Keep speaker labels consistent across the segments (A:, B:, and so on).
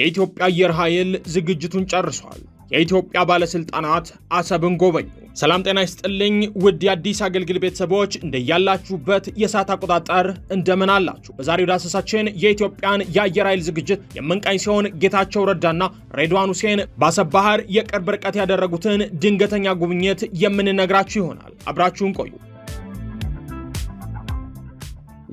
A: የኢትዮጵያ አየር ኃይል ዝግጅቱን ጨርሷል። የኢትዮጵያ ባለስልጣናት አሰብን ጎበኙ። ሰላም ጤና ይስጥልኝ ውድ የአዲስ አገልግል ቤተሰቦች እንደያላችሁበት የሰዓት አቆጣጠር እንደምን አላችሁ? በዛሬው ዳሰሳችን የኢትዮጵያን የአየር ኃይል ዝግጅት የምንቃኝ ሲሆን ጌታቸው ረዳና ሬድዋን ሁሴን በአሰብ ባህር የቅርብ ርቀት ያደረጉትን ድንገተኛ ጉብኝት የምንነግራችሁ ይሆናል። አብራችሁን ቆዩ።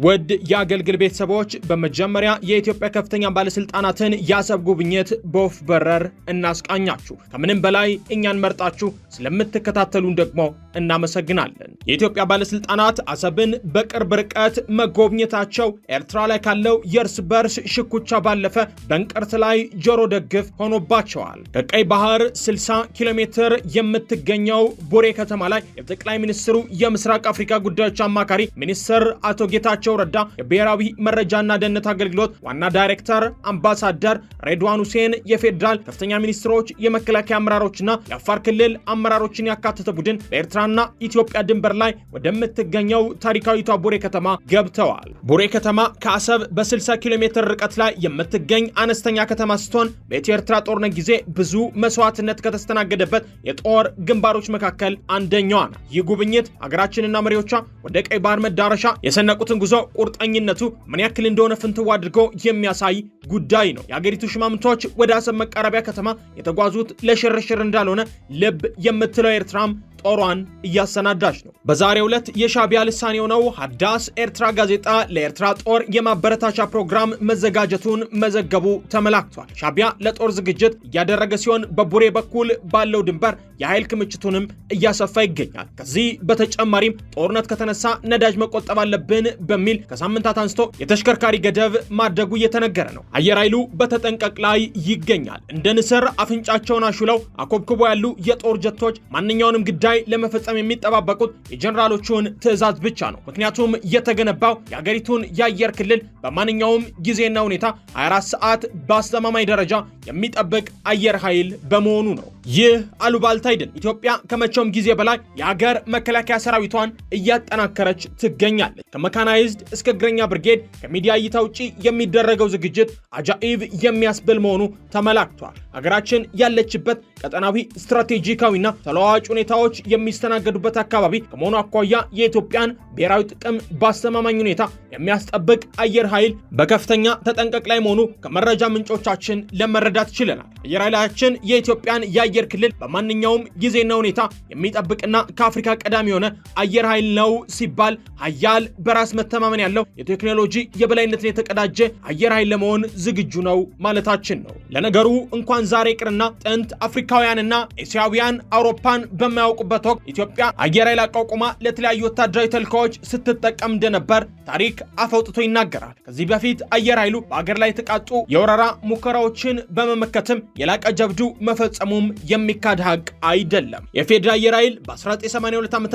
A: ውድ የአገልግል ቤተሰቦች በመጀመሪያ የኢትዮጵያ ከፍተኛ ባለስልጣናትን የአሰብ ጉብኝት በወፍ በረር እናስቃኛችሁ። ከምንም በላይ እኛን መርጣችሁ ስለምትከታተሉን ደግሞ እናመሰግናለን። የኢትዮጵያ ባለስልጣናት አሰብን በቅርብ ርቀት መጎብኘታቸው ኤርትራ ላይ ካለው የእርስ በርስ ሽኩቻ ባለፈ በንቀርት ላይ ጆሮ ደግፍ ሆኖባቸዋል። ከቀይ ባህር 60 ኪሎ ሜትር የምትገኘው ቡሬ ከተማ ላይ የጠቅላይ ሚኒስትሩ የምስራቅ አፍሪካ ጉዳዮች አማካሪ ሚኒስትር አቶ ጌታቸው ረዳ፣ የብሔራዊ መረጃና ደህንነት አገልግሎት ዋና ዳይሬክተር አምባሳደር ሬድዋን ሁሴን፣ የፌዴራል ከፍተኛ ሚኒስትሮች፣ የመከላከያ አመራሮችና የአፋር ክልል አመራሮችን ያካተተ ቡድን በኤርትራ ኤርትራና ኢትዮጵያ ድንበር ላይ ወደምትገኘው ታሪካዊቷ ቡሬ ከተማ ገብተዋል። ቡሬ ከተማ ከአሰብ በ60 ኪሎ ሜትር ርቀት ላይ የምትገኝ አነስተኛ ከተማ ስትሆን በኢትዮ ኤርትራ ጦርነት ጊዜ ብዙ መስዋዕትነት ከተስተናገደበት የጦር ግንባሮች መካከል አንደኛዋ ናት። ይህ ጉብኝት ሀገራችንና መሪዎቿ ወደ ቀይ ባህር መዳረሻ የሰነቁትን ጉዞ ቁርጠኝነቱ ምን ያክል እንደሆነ ፍንትው አድርጎ የሚያሳይ ጉዳይ ነው። የአገሪቱ ሽማምንቶች ወደ አሰብ መቃረቢያ ከተማ የተጓዙት ለሽርሽር እንዳልሆነ ልብ የምትለው ኤርትራም ጦሯን እያሰናዳች ነው። በዛሬው ዕለት የሻቢያ ልሳን የሆነው ሀዳስ ኤርትራ ጋዜጣ ለኤርትራ ጦር የማበረታቻ ፕሮግራም መዘጋጀቱን መዘገቡ ተመላክቷል። ሻቢያ ለጦር ዝግጅት እያደረገ ሲሆን በቡሬ በኩል ባለው ድንበር የኃይል ክምችቱንም እያሰፋ ይገኛል። ከዚህ በተጨማሪም ጦርነት ከተነሳ ነዳጅ መቆጠብ አለብን በሚል ከሳምንታት አንስቶ የተሽከርካሪ ገደብ ማድረጉ እየተነገረ ነው። አየር ኃይሉ በተጠንቀቅ ላይ ይገኛል። እንደ ንስር አፍንጫቸውን አሹለው አኮብክቦ ያሉ የጦር ጀቶች ማንኛውንም ግዳ ጉዳይ ለመፈጸም የሚጠባበቁት የጀኔራሎቹን ትዕዛዝ ብቻ ነው። ምክንያቱም የተገነባው የአገሪቱን የአየር ክልል በማንኛውም ጊዜና ሁኔታ 24 ሰዓት በአስተማማኝ ደረጃ የሚጠብቅ አየር ኃይል በመሆኑ ነው። ይህ አሉባልታ አይደል። ኢትዮጵያ ከመቼውም ጊዜ በላይ የሀገር መከላከያ ሰራዊቷን እያጠናከረች ትገኛለች። ከመካናይዝድ እስከ እግረኛ ብርጌድ ከሚዲያ እይታ ውጪ የሚደረገው ዝግጅት አጃኢብ የሚያስብል መሆኑ ተመላክቷል። ሀገራችን ያለችበት ቀጠናዊ ስትራቴጂካዊና ተለዋዋጭ ሁኔታዎች የሚስተናገዱበት አካባቢ ከመሆኑ አኳያ የኢትዮጵያን ብሔራዊ ጥቅም በአስተማማኝ ሁኔታ የሚያስጠብቅ አየር ኃይል በከፍተኛ ተጠንቀቅ ላይ መሆኑ ከመረጃ ምንጮቻችን ለመረዳት ችለናል። አየር ኃይላችን የኢትዮጵያን የአየር ክልል በማንኛውም ጊዜና ሁኔታ የሚጠብቅና ከአፍሪካ ቀዳሚ የሆነ አየር ኃይል ነው ሲባል ኃያል፣ በራስ መተማመን ያለው የቴክኖሎጂ የበላይነትን የተቀዳጀ አየር ኃይል ለመሆን ዝግጁ ነው ማለታችን ነው። ለነገሩ እንኳን ዛሬ ቅርና ጥንት አፍሪካውያንና ኤስያውያን አውሮፓን በማያውቁበት ወቅት ኢትዮጵያ አየር ኃይል አቋቁማ ለተለያዩ ወታደራዊ ተልካዎች ስትጠቀም እንደነበር ታሪክ አፈውጥቶ ይናገራል። ከዚህ በፊት አየር ኃይሉ በአገር ላይ የተቃጡ የወረራ ሙከራዎችን በመመከትም የላቀ ጀብዱ መፈጸሙም የሚካድ ሀቅ አይደለም። የፌዴራል አየር ኃይል በ1982 ዓ ም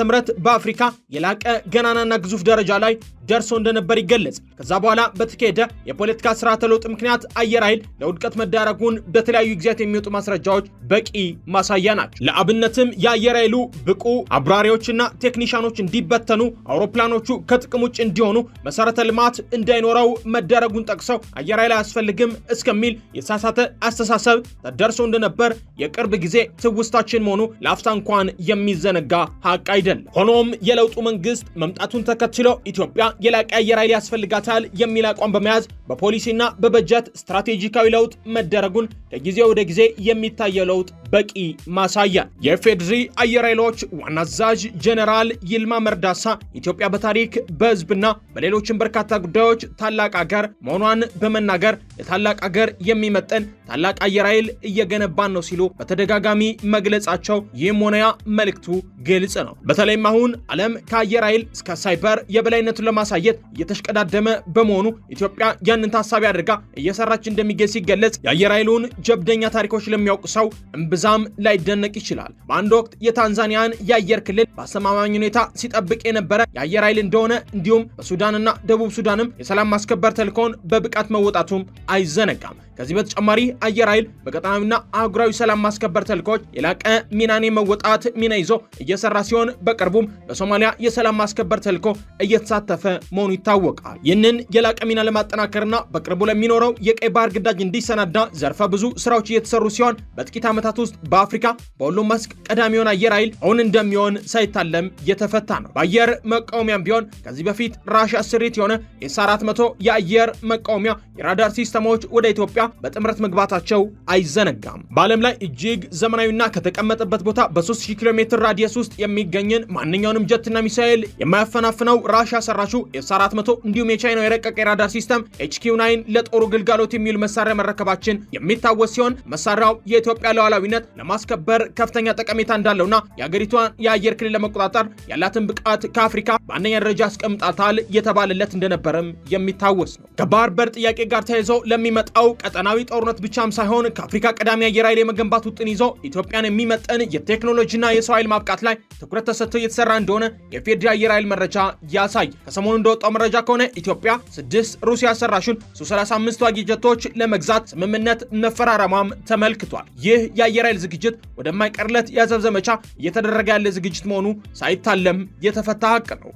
A: በአፍሪካ የላቀ ገናናና ግዙፍ ደረጃ ላይ ደርሶ እንደነበር ይገለጽ። ከዛ በኋላ በተካሄደ የፖለቲካ ስርዓተ ለውጥ ምክንያት አየር ኃይል ለውድቀት መዳረጉን በተለያዩ ጊዜያት የሚወጡ ማስረጃዎች በቂ ማሳያ ናቸው። ለአብነትም የአየር ኃይሉ ብቁ አብራሪዎችና ቴክኒሻኖች እንዲበተኑ፣ አውሮፕላኖቹ ከጥቅም ውጭ እንዲሆኑ፣ መሰረተ ልማት እንዳይኖረው እንዲተው መደረጉን ጠቅሰው አየር ኃይል አያስፈልግም እስከሚል የተሳሳተ አስተሳሰብ ተደርሶ እንደነበር የቅርብ ጊዜ ትውስታችን መሆኑ ለአፍታ እንኳን የሚዘነጋ ሀቅ አይደለም። ሆኖም የለውጡ መንግስት መምጣቱን ተከትሎ ኢትዮጵያ የላቀ አየር ኃይል ያስፈልጋታል የሚል አቋም በመያዝ በፖሊሲና በበጀት ስትራቴጂካዊ ለውጥ መደረጉን ከጊዜ ወደ ጊዜ የሚታየው ለውጥ በቂ ማሳያ። የፌድሪ አየር ኃይሎች ዋና አዛዥ ጀኔራል ይልማ መርዳሳ ኢትዮጵያ በታሪክ በህዝብና በሌሎችም በርካታ ጉዳዮች ታላቅ አገር መሆኗን በመናገር ለታላቅ አገር የሚመጠን ታላቅ አየር ኃይል እየገነባን ነው ሲሉ በተደጋጋሚ መግለጻቸው ይህም ሆነያ መልእክቱ ግልጽ ነው። በተለይም አሁን ዓለም ከአየር ኃይል እስከ ሳይበር የበላይነቱን ለማሳየት እየተሽቀዳደመ በመሆኑ ኢትዮጵያ ያንን ታሳቢ አድርጋ እየሰራች እንደሚገኝ ሲገለጽ የአየር ኃይሉን ጀብደኛ ታሪኮች ለሚያውቅ ሰው እምብዛም ላይደነቅ ይችላል። በአንድ ወቅት የታንዛኒያን የአየር ክልል በአስተማማኝ ሁኔታ ሲጠብቅ የነበረ የአየር ኃይል እንደሆነ እንዲሁም በሱዳንና ደቡብ ሱዳንም የሰላም ማስከበር ተልእኮውን በብቃት መወጣቱም አይዘነጋም። ከዚህ በተጨማሪ አየር ኃይል በቀጠናዊና አህጉራዊ ሰላም ማስከበር ተልኮች የላቀ ሚናን የመወጣት ሚና ይዞ እየሰራ ሲሆን በቅርቡም በሶማሊያ የሰላም ማስከበር ተልዕኮ እየተሳተፈ መሆኑ ይታወቃል። ይህንን የላቀ ሚና ለማጠናከርና በቅርቡ ለሚኖረው የቀይ ባህር ግዳጅ እንዲሰናዳ ዘርፈ ብዙ ስራዎች እየተሰሩ ሲሆን በጥቂት ዓመታት ውስጥ በአፍሪካ በሁሉም መስክ ቀዳሚውን አየር ኃይል አሁን እንደሚሆን ሳይታለም የተፈታ ነው። በአየር መቃወሚያም ቢሆን ከዚህ በፊት ራሻ ስሪት የሆነ ኤስ 400 የአየር መቃወሚያ የራዳር ሲስተሞች ወደ ኢትዮጵያ በጥምረት መግባታቸው አይዘነጋም። በዓለም ላይ እጅግ ዘመናዊና ከተቀመጠበት ቦታ በ3000 ኪሎ ሜትር ራዲየስ ውስጥ የሚገኝን ማንኛውንም ጀትና ሚሳኤል የማያፈናፍነው ራሽያ ሰራሹ ኤስ 400 እንዲሁም የቻይናው የረቀቀ የራዳር ሲስተም ኤችኪው 9 ለጦሩ ግልጋሎት የሚውል መሳሪያ መረከባችን የሚታወስ ሲሆን መሳሪያው የኢትዮጵያ ሉዓላዊነት ለማስከበር ከፍተኛ ጠቀሜታ እንዳለውና የአገሪቷን የአየር ክልል ለመቆጣጠር ያላትን ብቃት ከአፍሪካ በአንደኛ ደረጃ አስቀምጣታል የተባለለት እንደነበረም የሚታወስ ነው። ከባህር በር ጥያቄ ጋር ተያይዞ ለሚመጣው ቀጠናዊ ጦርነት ብቻም ሳይሆን ከአፍሪካ ቀዳሚ አየር ኃይል የመገንባት ውጥን ይዞ ኢትዮጵያን የሚመጠን የቴክኖሎጂና የሰው ኃይል ማብቃት ላይ ትኩረት ተሰጥቶ እየተሰራ እንደሆነ የፌዴራል አየር ኃይል መረጃ ያሳይ። ከሰሞኑ እንደወጣው መረጃ ከሆነ ኢትዮጵያ ስድስት ሩሲያ ሰራሹን ሱ35 ተዋጊ ጀቶች ለመግዛት ስምምነት መፈራረሟም ተመልክቷል። ይህ የአየር ኃይል ዝግጅት ወደማይቀርለት የአሰብ ዘመቻ እየተደረገ ያለ ዝግጅት መሆኑ ሳይታለም የተፈታ ሀቅ ነው።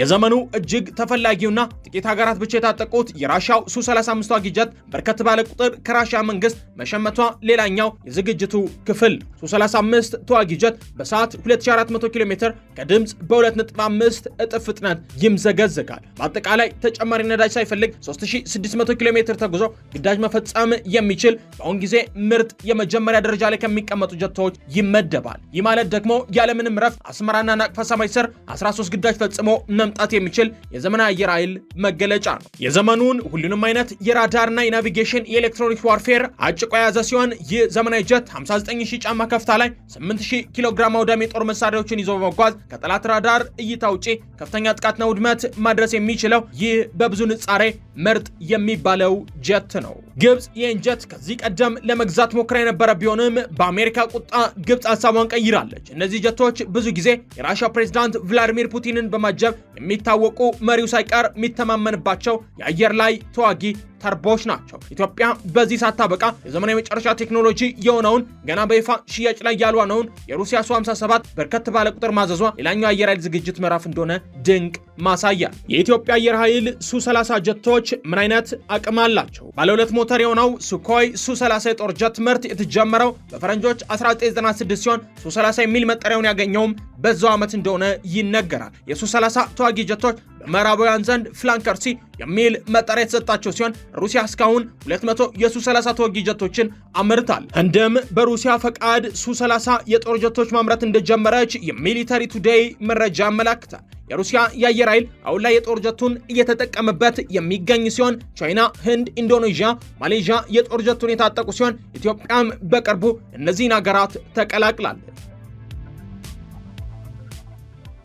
A: የዘመኑ እጅግ ተፈላጊውና ጥቂት ሀገራት ብቻ የታጠቁት የራሻው ሱ35 ተዋጊ ጀት በርከት ባለ ቁጥር ከራሻ መንግስት መሸመቷ ሌላኛው የዝግጅቱ ክፍል ሱ ሱ35 ተዋጊ ጀት በሰዓት 2400 ኪሎ ሜትር ከድምፅ በ2.5 እጥፍ ፍጥነት ይምዘገዘጋል። በአጠቃላይ ተጨማሪ ነዳጅ ሳይፈልግ 3600 ኪሎ ሜትር ተጉዞ ግዳጅ መፈጸም የሚችል በአሁን ጊዜ ምርጥ የመጀመሪያ ደረጃ ላይ ከሚቀመጡ ጀቶች ይመደባል። ይህ ማለት ደግሞ ያለምንም ረፍት አስመራና ናቅፋ ሰማይ ስር 13 ግዳጅ ፈጽሞ መም መምጣት የሚችል የዘመን አየር ኃይል መገለጫ ነው። የዘመኑን ሁሉንም አይነት የራዳርና የናቪጌሽን የኤሌክትሮኒክ ዋርፌር አጭቆ የያዘ ሲሆን ይህ ዘመናዊ ጀት 59000 ጫማ ከፍታ ላይ 8000 ኪሎ ግራም አውዳሚ የጦር መሳሪያዎችን ይዞ በመጓዝ ከጠላት ራዳር እይታ ውጪ ከፍተኛ ጥቃትና ውድመት ማድረስ የሚችለው ይህ በብዙ ንጻሬ ምርጥ የሚባለው ጀት ነው። ግብፅ ይህን ጀት ከዚህ ቀደም ለመግዛት ሞክራ የነበረ ቢሆንም በአሜሪካ ቁጣ ግብፅ ሀሳቧን ቀይራለች። እነዚህ ጀቶች ብዙ ጊዜ የራሻ ፕሬዚዳንት ቭላዲሚር ፑቲንን በማጀብ የሚታወቁ መሪው ሳይቀር የሚተማመንባቸው የአየር ላይ ተዋጊ ተርቦች ናቸው። ኢትዮጵያ በዚህ ሳታበቃ የዘመናዊ የመጨረሻ ቴክኖሎጂ የሆነውን ገና በይፋ ሽያጭ ላይ ያልዋለውን የሩሲያ ሱ 57 በርከት ባለ ቁጥር ማዘዟ ሌላኛው አየር ኃይል ዝግጅት ምዕራፍ እንደሆነ ድንቅ ማሳያ። የኢትዮጵያ አየር ኃይል ሱ 30 ጀቶች ምን አይነት አቅም አላቸው? ባለ ሁለት ሞተር የሆነው ሱኮይ ሱ 30 የጦር ጀት ምርት የተጀመረው በፈረንጆች 1996 ሲሆን ሱ 30 የሚል መጠሪያውን ያገኘውም በዛው ዓመት እንደሆነ ይነገራል። የሱ 30 ተዋጊ ጀቶች በምዕራባውያን ዘንድ ፍላንከርሲ የሚል መጠሪያ የተሰጣቸው ሲሆን ሩሲያ እስካሁን 200 የሱ30 ጀቶችን አምርታል። ህንድም በሩሲያ ፈቃድ ሱ30 የጦር ጀቶች ማምረት እንደጀመረች የሚሊተሪ ቱዴይ መረጃ ያመላክታል። የሩሲያ የአየር ኃይል አሁን ላይ የጦር ጀቱን እየተጠቀመበት የሚገኝ ሲሆን ቻይና፣ ህንድ፣ ኢንዶኔዥያ፣ ማሌዥያ የጦር ጀቱን የታጠቁ ሲሆን ኢትዮጵያም በቅርቡ እነዚህን ሀገራት ተቀላቅላለች።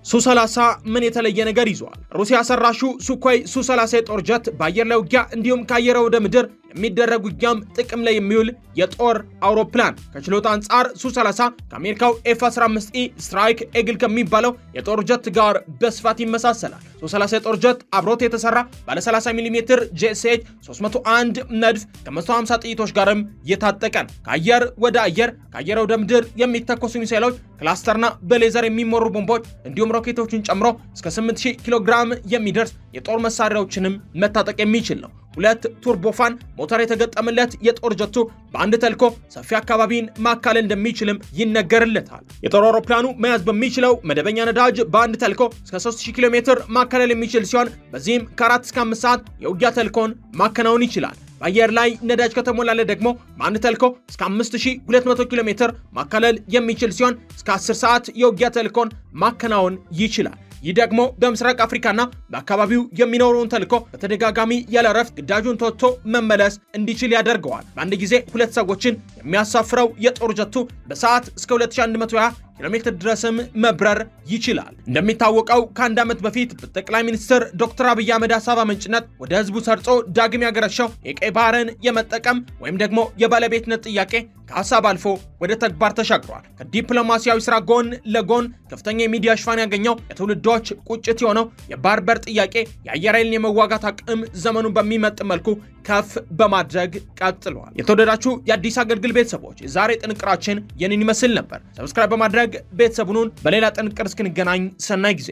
A: ሱ30 ምን የተለየ ነገር ይዟል? ሩሲያ ሰራሹ ሱኮይ ሱ30 የጦር ጀት በአየር ላይ ውጊያ እንዲሁም ከአየር ወደ ምድር የሚደረግ ውጊያም ጥቅም ላይ የሚውል የጦር አውሮፕላን ከችሎታ አንጻር ሱ30 ከአሜሪካው ኤፍ 15 ስትራይክ ኤግል ከሚባለው የጦር ጀት ጋር በስፋት ይመሳሰላል። ሱ30 የጦር ጀት አብሮት የተሰራ ባለ 30 ሚሜ ጄኤስኤች 301 ነድፍ ከ150 ጥይቶች ጋርም የታጠቀ ነው። ከአየር ወደ አየር፣ ከአየር ወደ ምድር የሚተኮሱ ሚሳይሎች ክላስተርና በሌዘር የሚመሩ ቦምቦች እንዲሁም ሮኬቶችን ጨምሮ እስከ 8000 ኪሎ ግራም የሚደርስ የጦር መሳሪያዎችንም መታጠቅ የሚችል ነው። ሁለት ቱርቦፋን ሞተር የተገጠመለት የጦር ጀቱ በአንድ ተልኮ ሰፊ አካባቢን ማካለል እንደሚችልም ይነገርለታል። የጦር አውሮፕላኑ መያዝ በሚችለው መደበኛ ነዳጅ በአንድ ተልኮ እስከ 3000 ኪሎ ሜትር ማካለል የሚችል ሲሆን በዚህም ከ4 እስከ 5 ሰዓት የውጊያ ተልኮን ማከናወን ይችላል። በአየር ላይ ነዳጅ ከተሞላለ ደግሞ በአንድ ተልኮ እስከ 5200 ኪሎ ሜትር ማካለል የሚችል ሲሆን እስከ 10 ሰዓት የውጊያ ተልኮን ማከናወን ይችላል። ይህ ደግሞ በምስራቅ አፍሪካና በአካባቢው የሚኖረውን ተልዕኮ በተደጋጋሚ ያለረፍት ግዳጁን ተወጥቶ መመለስ እንዲችል ያደርገዋል። በአንድ ጊዜ ሁለት ሰዎችን የሚያሳፍረው የጦር ጀቱ በሰዓት እስከ 2120 ኪሎ ሜትር ድረስም መብረር ይችላል። እንደሚታወቀው ከአንድ ዓመት በፊት በጠቅላይ ሚኒስትር ዶክተር አብይ አህመድ ሀሳብ አመንጭነት ወደ ህዝቡ ሰርጾ ዳግም ያገረሸው የቀይ ባህርን የመጠቀም ወይም ደግሞ የባለቤትነት ጥያቄ ከሀሳብ አልፎ ወደ ተግባር ተሻግሯል። ከዲፕሎማሲያዊ ስራ ጎን ለጎን ከፍተኛ የሚዲያ ሽፋን ያገኘው የትውልዶች ቁጭት የሆነው የባህር በር ጥያቄ የአየር ኃይልን የመዋጋት አቅም ዘመኑን በሚመጥ መልኩ ከፍ በማድረግ ቀጥሏል። የተወደዳችሁ የአዲስ አገልግል ቤተሰቦች ዛሬ ጥንቅራችን ይህንን ይመስል ነበር። ሰብስክራይብ በማድረግ ቤተሰቡን በሌላ ጥንቅር እስክንገናኝ ሰናይ ጊዜ